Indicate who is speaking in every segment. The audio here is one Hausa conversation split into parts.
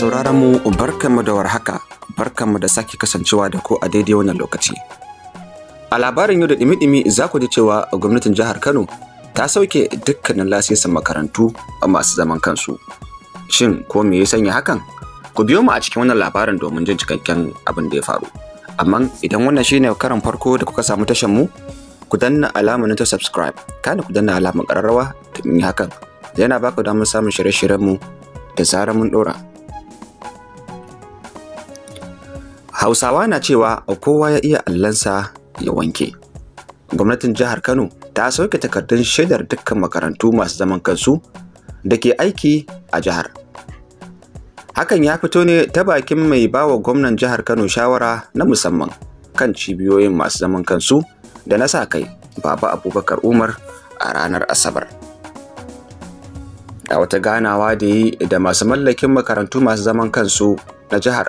Speaker 1: sauraron mu barkanmu da warhaka barkanmu da sake kasancewa da ku a daidai wannan lokaci. A labarin yau da ɗimi-ɗimi za ku ji cewa gwamnatin jihar Kano ta sauke dukkanin lasisin makarantu masu zaman kansu. Shin ko me ya sanya hakan? Ku biyo mu a cikin wannan labarin domin jin cikakken abin da ya faru. Amma idan wannan shi shine karan farko da kuka samu tashan mu, ku danna alamar ta subscribe, kana ku danna alamar ƙararrawa domin hakan. Yana ba damar samun shirye shiryen mu da zarar mun ɗora. Hausawa na cewa kowa ya iya allansa ya wanke. Gwamnatin jihar Kano ta sauke takardun shaidar dukkan makarantu masu zaman kansu da ke aiki a jihar. Hakan ya fito ne ta bakin mai bawa gwamnan jihar Kano shawara na musamman kan cibiyoyin masu zaman kansu da na sa kai Baba Abubakar Umar a ranar Asabar. A wata ganawa da yi da masu mallakin makarantu masu zaman kansu na jihar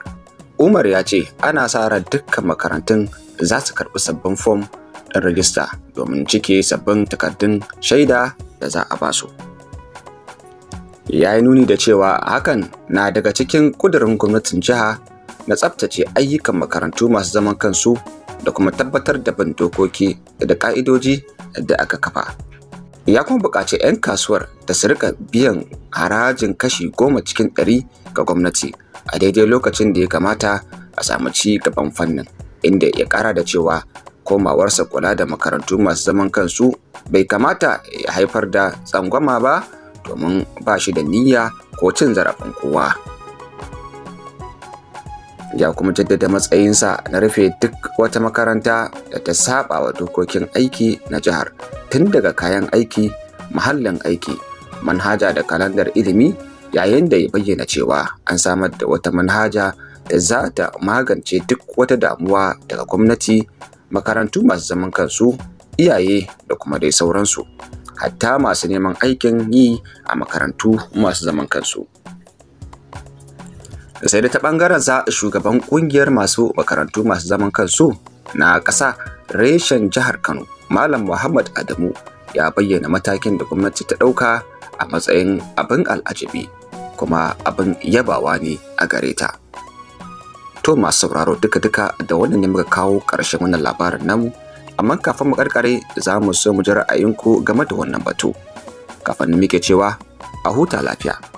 Speaker 1: Umar ya ce ana sa ran dukkan makarantun za su karbi sabbin fom ɗin rajista domin cike sabbin takardun shaida da za a basu. Ya yi nuni da cewa hakan na daga cikin ƙudurin gwamnatin jiha na tsabtace ayyukan makarantu masu zaman kansu da kuma tabbatar da bin dokoki da ƙa'idoji da aka kafa. Ya kuma buƙaci 'yan kasuwar da su rika biyan harajin kashi goma cikin ɗari ga gwamnati. a daidai lokacin da ya kamata a samu ci gaban fannin inda ya kara da cewa komawarsa kula da makarantu masu zaman kansu bai kamata ya haifar da tsangwama ba domin ba shi da niyya ko cin zarafin kowa ya kuma jaddada matsayinsa na rufe duk wata makaranta da ta saba wa dokokin aiki na jihar tun daga kayan aiki mahallin aiki manhaja da kalandar ilimi yayin da ya bayyana cewa an samar da wata manhaja da za ta magance duk wata damuwa daga gwamnati makarantu masu zaman kansu iyaye da kuma dai sauransu hatta masu neman aikin yi a makarantu masu zaman kansu sai da ta bangaren za shugaban kungiyar masu makarantu masu zaman kansu na ƙasa reshen jihar kano malam muhammad adamu ya bayyana matakin da gwamnati ta ɗauka a matsayin abin al'ajabi kuma abin yabawa ne a gare ta to masu sauraro duka-duka da wannan ne muka kawo ƙarshen wannan labarin namu amma kafin mu ƙarƙare za mu so mu ji ra'ayinku game da wannan batu kafin muke cewa a huta lafiya